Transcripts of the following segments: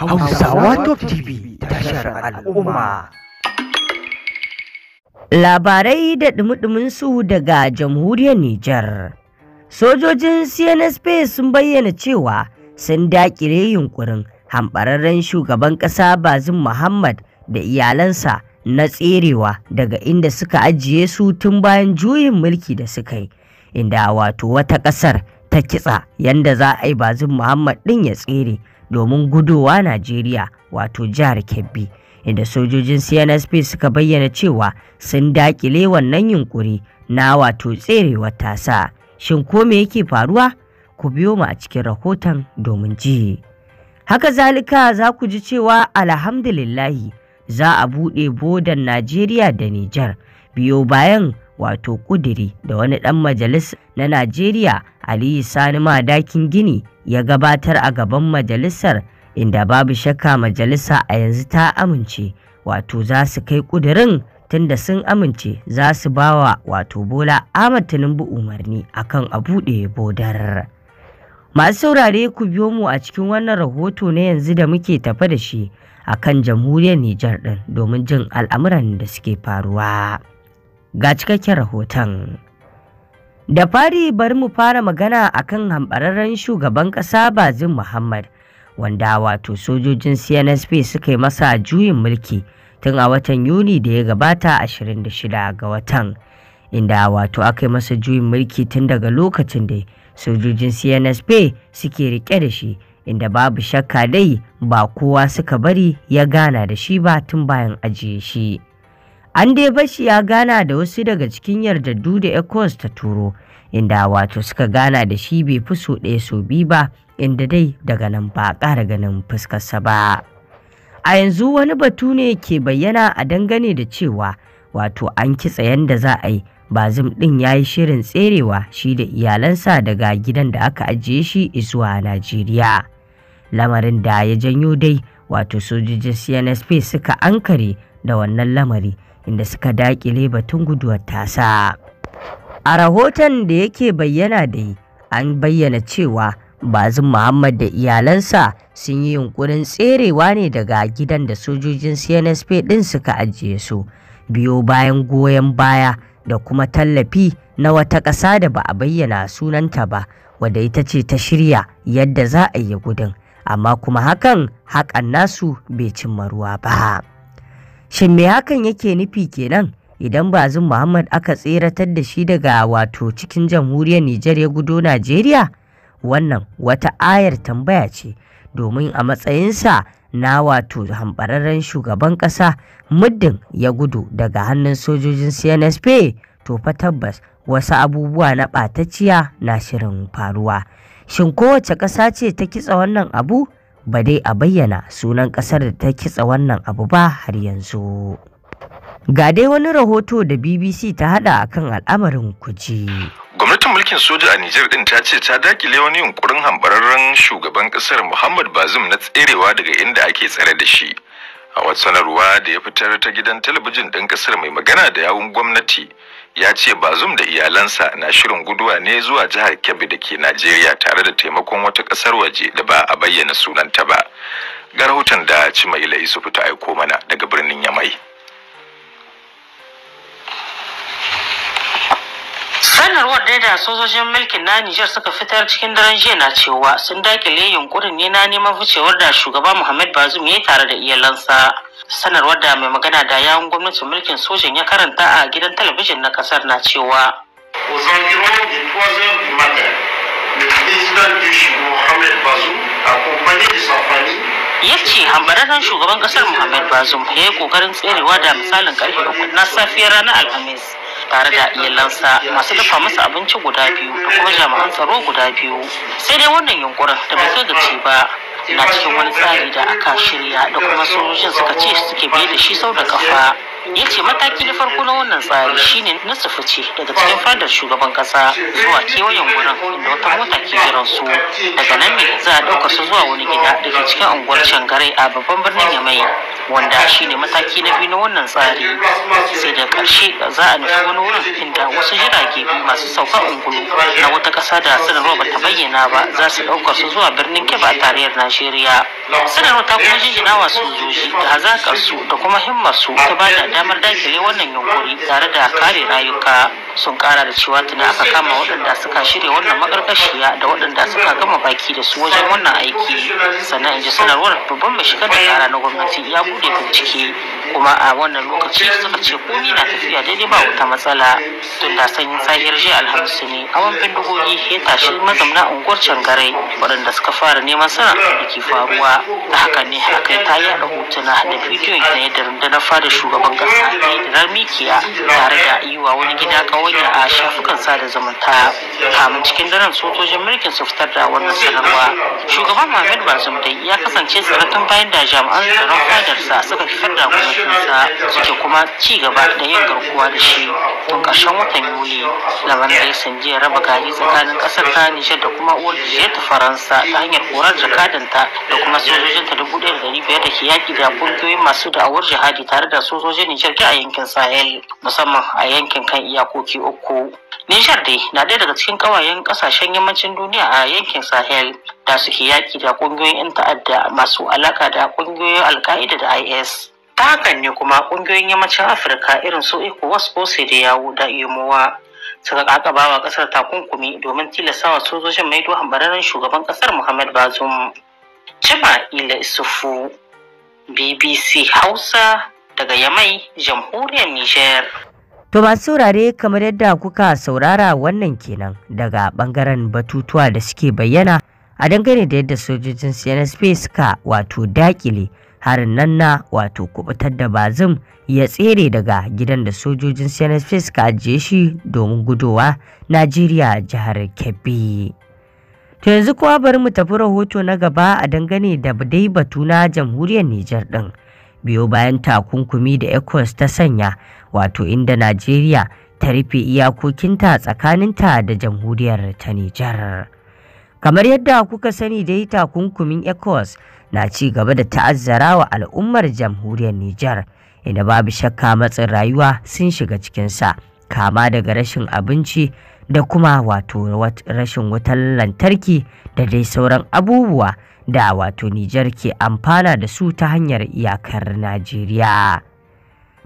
Hausawa Top TV tashar al'umma. Labarai da ɗumi su daga jamhuriyar Nijar. Sojojin CNSP sun bayyana cewa sun daƙire yunkurin hambararren shugaban ƙasa Bazin Muhammad da iyalansa na tserewa daga inda suka ajiye su tun bayan juyin mulki da suka yi, inda wato wata ƙasar ta kitsa yadda za a yi Bazin Muhammad ɗin ya tsere. domin gudowa Najeriya wato jihar Kebbi. Inda sojojin CNSP suka bayyana cewa sun dakile wannan yunkuri na wato tserewar tasa. Shin ko me yake faruwa? Ku biyo mu a cikin rahoton domin ji. Haka zalika za ku ji cewa alhamdulillahi za a buɗe bodan Najeriya da Nijar biyo bayan wato kudiri da wani ɗan majalis na Najeriya Aliyu Sani Madakin Gini ya gabatar a gaban majalisar inda babu shakka majalisa a yanzu ta amince wato za su kai ƙudurin tunda sun amince za su bawa wato Bola Ahmad Tinubu umarni akan a buɗe bodar. Masu saurare ku biyo mu a cikin wannan rahoto na yanzu da muke tafa da shi akan jamhuriyar Nijar ɗin domin jin al'amuran da suke faruwa. Ga cikakken rahoton. Da fari bari mu fara magana a kan hambararren shugaban ƙasa Bazin Muhammad wanda wato sojojin CNSP suka yi masa juyin mulki tun a watan Yuni da ya gabata 26 ga watan inda wato aka yi masa juyin mulki tun daga lokacin da sojojin CNSP suke rike da shi inda babu shakka dai ba kowa suka bari ya gana da shi ba tun bayan ajiye shi. an dai bashi ya gana da wasu daga cikin yardaddu da ecos ta turo inda wato suka gana da shi bai fi so ɗaya so biyu ba inda dai daga nan ba a ƙara ganin fuskarsa ba a yanzu wani batu ne ke bayyana a dangane da cewa wato an kitsa yadda za a yi bazim ɗin ya yi shirin tserewa shi da iyalansa daga gidan da aka ajiye shi zuwa najeriya lamarin da ya janyo dai wato sojojin cnsp suka ankare da wannan lamari inda suka dakile batun guduwar tasa. A rahoton da yake bayyana dai an bayyana cewa bazin Muhammad da iyalansa sun yi yunkurin tserewa ne daga gidan da sojojin CNSP ɗin suka ajiye su biyo bayan goyon baya da kuma tallafi na wata ƙasa da ba a bayyana sunanta ba wadda ita ce ta shirya yadda za a yi gudun amma kuma hakan hakan nasu bai cimma ruwa ba. Shin me hakan yake nufi kenan? Idan bazin Muhammad aka tseratar da shi daga wato cikin jamhuriyar Nijar ya gudo Najeriya? Wannan wata ayar tambaya ce domin a matsayinsa na wato hambararren shugaban ƙasa muddin ya gudu daga hannun sojojin CNSP to fa tabbas wasu abubuwa na ɓatacciya na shirin faruwa. Shin kowace ƙasa ce ta kitsa wannan abu? ba dai a bayyana sunan ƙasar da ta kitsa wannan abu ba har yanzu. Ga dai wani rahoto da BBC ta hada akan al'amarin kuji. Gwamnatin mulkin soja a Nijar din ta ce ta dakile wani yunkurin hambararren shugaban kasar Muhammad Bazum na tserewa daga inda ake tsare da shi. A wata sanarwa da ya fitar ta gidan talabijin ɗin ƙasar mai magana da yawun gwamnati, ya ce bazum da iyalansa na shirin guduwa ne zuwa jihar kebbi da ke najeriya tare da taimakon wata ƙasar waje da ba a bayyana sunanta ba ga rahoton da ila isufu ta aiko mana daga birnin yamai sanarwar dai da sojojin mulkin na Nijar suka fitar cikin daren jiya na cewa sun dakile yunkurin ne na neman ficewar da shugaba Muhammad Bazoum ya yi tare da iyalansa. sanarwar da mai magana da yawun gwamnatin mulkin sojin ya karanta a gidan talabijin na kasar na cewa ya ce hambararren shugaban kasar muhammad bazum ya yi kokarin tserewa da misalin karfe uku na safiyar ranar alhamis tare da iyalansa masu dafa masa abinci guda biyu da kuma jami'an tsaro guda biyu sai dai wannan yunkurin da bai kai gaci ba na cikin wani tsari da aka shirya da kuma sojojin suka ce suke biye da shi sau da kafa ya ce mataki na farko na wannan tsari shine na fice daga cikin fadar shugaban kasa zuwa kewayen wurin inda wata mota ke jiran su daga nan ne za a ɗaukar su zuwa wani gida daga cikin unguwar shangare a babban birnin yamai wanda shi ne mataki na biyu na wannan tsari sai da karshe za a nufi wani wurin inda wasu jirage masu saukar ungulu na wata ƙasa da sanarwa ba ta bayyana ba za su ɗaukar su zuwa birnin keba a tarayyar najeriya sanarwa ta kuma jinjina wa zuji, da hazakar su da kuma himmar su ta ba da damar dakile wannan yunkuri tare da kare rayuka sun ƙara da cewa tuni aka kama waɗanda suka shirya wannan makarkashiya da waɗanda suka gama baki da su wajen wannan aiki sannan in ji sanarwar babban mai shigar da kara na gwamnati ya 乌鲁木 kuma a wannan lokaci suka ce komi na tafiya daidai ba wata matsala tun da sanyin sahiyar jiya alhamisu ne wani bindigogi ya tashi mazauna unguwar cangarai waɗanda suka fara neman sanar da ke faruwa da haka ne aka ta yada hotuna da bidiyon na yadda rundunar fada shugaban ƙasa ya da mikiya tare da yiwa wani gida ƙawanya a shafukan sada zumunta kamun cikin daren sojojin mulkin su fitar da wannan sanarwa shugaban muhammad bazum dai ya kasance tsaratan bayan da jami'an tsaron fadarsa suka fitar da gwamnati sa suke kuma ci gaba da yin garkuwa da shi tun ƙarshen watan yuli laban da ya raba gari tsakanin ƙasar ta nijar da kuma uwar ta faransa ta hanyar korar jakadanta da kuma sojojinta dubu ɗaya da ɗari biyar da ke yaƙi da ƙungiyoyin masu da'awar jihadi tare da sojojin nijar a yankin sahel musamman a yankin kan iyakoki uku nijar dai na ɗaya daga cikin ƙawayen ƙasashen yammacin duniya a yankin sahel da suke yaƙi da ƙungiyoyin 'yan ta'adda masu alaƙa da ƙungiyoyin alka'ida da is ta hakan ne kuma kungiyoyin yammacin afirka irin su ecowas ko yawo da imowa suka kakaba wa kasar takunkumi domin tilastawa sojojin maido hambararren shugaban kasar muhammad bazum jima ila isufu bbc hausa daga yamai jamhuriyar niger To masu saurare kamar yadda kuka saurara wannan kenan daga bangaren batutuwa da suke bayyana a dangane da yadda sojojin CNSP suka wato dakile harin nan na wato kubutar da bazum ya tsere daga gidan da sojojin senate suka ajiye shi domin gudowa najeriya jihar kebbi to yanzu kuwa bari mu tafi rahoto na gaba a dangane da dai batu na jamhuriyar nijar din biyo bayan takunkumi da ecos ta sanya wato inda najeriya ta rufe iyakokinta tsakaninta da jamhuriyar ta nijar kamar yadda kuka sani dai takunkumin ecos na ci gaba da ta'azzara wa al'ummar jamhuriyar Nijar, inda babu shakka matsin rayuwa sun shiga cikinsa, kama daga rashin abinci da kuma wato rashin wutar lantarki da dai sauran abubuwa da wato Nijar ke amfana da su ta hanyar iyakar Najeriya.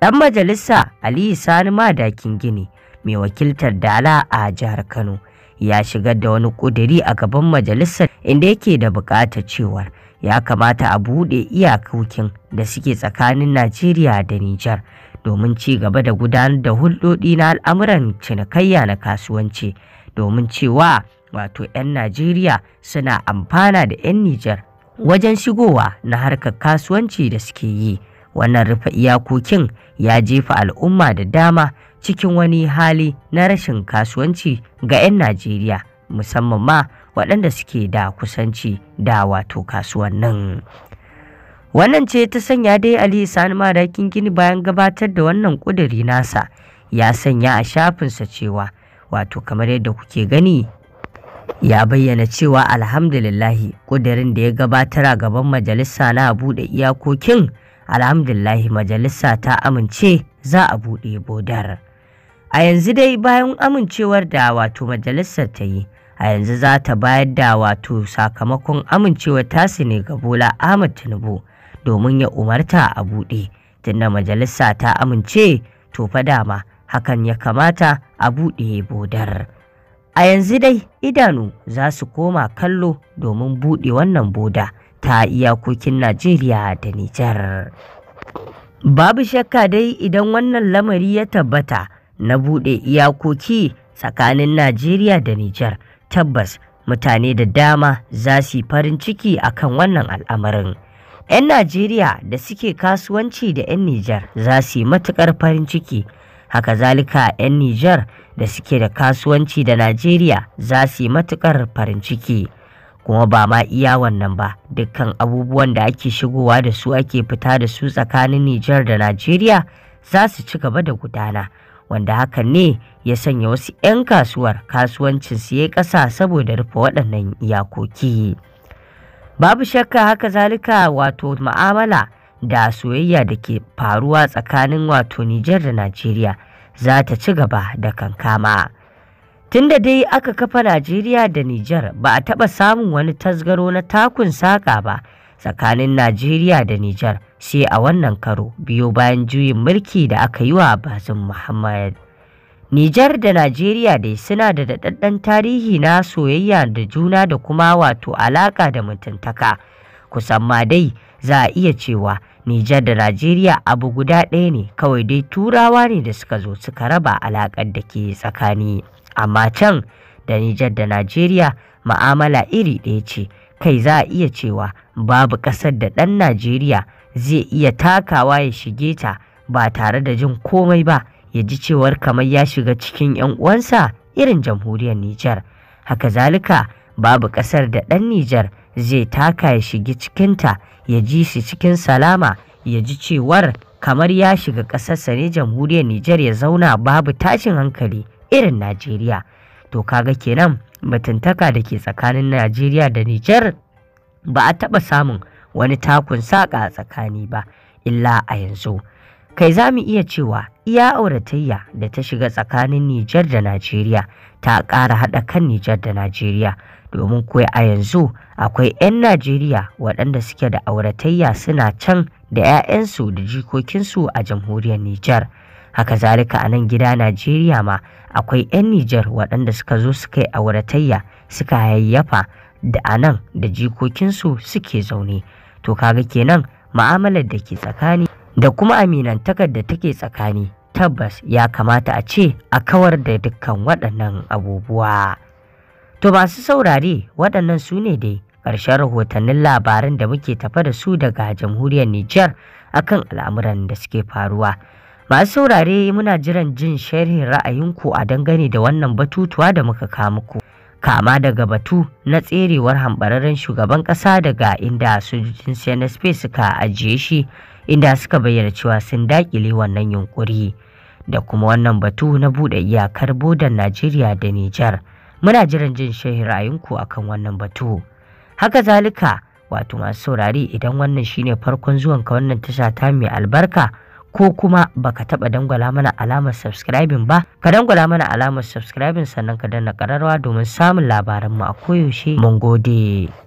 Ɗan majalisa Aliyu Sani Madakin Gini, mai wakiltar Dala a jihar Kano, ya shigar da wani ƙudiri a gaban majalisar inda yake da buƙatar cewar ya kamata a buɗe iyakokin da suke tsakanin Najeriya da Nijar domin ci gaba da gudanar da hulɗoɗi na al'amuran cinikayya na kasuwanci domin cewa wato 'yan Najeriya suna amfana da 'yan Nijar wajen shigowa na harkar kasuwanci da suke yi. Wannan rufe iyakokin ya jefa al'umma da dama cikin wani hali na rashin kasuwanci ga 'yan Najeriya musamman ma waɗanda suke da kusanci da wato kasuwannin. Wannan ce ta sanya dai Ali Sani Madakin Gini bayan gabatar da wannan ƙuduri nasa ya sanya a shafinsa cewa wato kamar yadda kuke gani ya bayyana cewa alhamdulillahi ƙudurin da ya gabatar a gaban majalisa na buɗe iyakokin alhamdulillahi majalisa ta amince za a buɗe bodar a yanzu dai bayan amincewar da wato majalisar ta yi a yanzu za ta bayar da wato sakamakon amincewar tasi ne ga bola ahmad tinubu domin ya umarta a buɗe tunda majalisa ta amince to fa dama hakan ya kamata a buɗe bodar a yanzu dai idanu za su koma kallo domin buɗe wannan boda ta iyakokin najeriya da nijar babu shakka dai idan wannan lamari ya tabbata na buɗe iyakoki tsakanin najeriya da nijar tabbas mutane da dama za su yi farin ciki akan wannan al'amarin. 'Yan Najeriya da suke kasuwanci da 'yan Nijar za su yi matuƙar farin ciki, haka zalika 'yan Nijar da suke da kasuwanci da Najeriya za su yi matuƙar farin ciki. Kuma ba ma iya wannan ba, dukkan abubuwan da ake shigowa da su ake fita da su tsakanin Nijar da Najeriya za su ci gaba da gudana, wanda hakan ne ya sanya wasu 'yan kasuwar kasuwancin su ya ƙasa saboda rufe waɗannan iyakoki. Babu shakka haka zalika wato ma'amala da soyayya da ke faruwa tsakanin wato Nijar da Najeriya za ta ci gaba da kankama. Tunda dai aka kafa Najeriya da Nijar ba a taɓa samun wani tasgaro na takun saƙa ba tsakanin Najeriya da Nijar sai a wannan karo biyo bayan juyin mulki da aka yi wa Bazin Muhammad. Nijar da Najeriya dai suna da daɗaɗɗen tarihi na soyayya da juna da kuma wato alaƙa da mutuntaka. Kusan ma dai za a iya cewa Nijar da Najeriya abu guda ɗaya ne kawai dai Turawa ne da suka zo suka raba alaƙar da ke tsakani. Amma can da Nijar da Najeriya ma'amala iri ɗaya ce, kai za a iya cewa babu ƙasar da ɗan Najeriya zai iya takawa ya shige ta ba tare da jin komai ba. ya ji cewar kamar ya shiga cikin 'yan uwansa irin jamhuriyar Nijar. Haka zalika babu ƙasar da ɗan Nijar zai taka ya shigi cikinta ya ji shi cikin salama ya ji cewar kamar ya shiga ƙasarsa ne jamhuriyar Nijar ya zauna babu tashin hankali irin Najeriya. To kaga kenan mutuntaka da ke tsakanin Najeriya da Nijar ba a taɓa samun wani takun saƙa a tsakani ba, illa a yanzu. kai za mu iya cewa iya auratayya da ta shiga tsakanin Nijar da Najeriya ta ƙara haɗa kan Nijar da Najeriya domin kuwa a yanzu akwai 'yan Najeriya waɗanda suke da auratayya suna can da 'ya'yansu da jikokinsu a jamhuriyar Nijar. Haka zalika a nan gida Najeriya ma akwai 'yan Nijar waɗanda suka zo suka yi auratayya suka hayayyafa da a nan da jikokinsu suke zaune. To kaga kenan ma'amalar da ke tsakani da kuma aminantakar da take tsakani tabbas ya kamata a ce a kawar da dukkan waɗannan abubuwa. To masu saurare waɗannan su ne dai ƙarshen rahotannin labaran da muke tafa da su daga jamhuriyar Nijar akan al'amuran da suke faruwa. Masu saurare muna jiran jin sharhin ra'ayinku a dangane da wannan batutuwa da muka kamuku Kama daga batu na tserewar hambararren shugaban ƙasa daga inda sojojin space suka ajiye shi inda suka bayyana cewa sun dakile wannan yunkuri da kuma wannan batu na buɗe iyakar bodan Najeriya da Nijar. Muna jiran jin shehi ra'ayinku akan wannan batu. Haka zalika wato masu saurari idan wannan shine farkon zuwan ka wannan tasha ta mai albarka ko kuma baka taba dangwala mana alamar subscribing ba ka dangwala mana alamar subscribing sannan ka danna kararwa domin samun labaran mu a koyaushe mun gode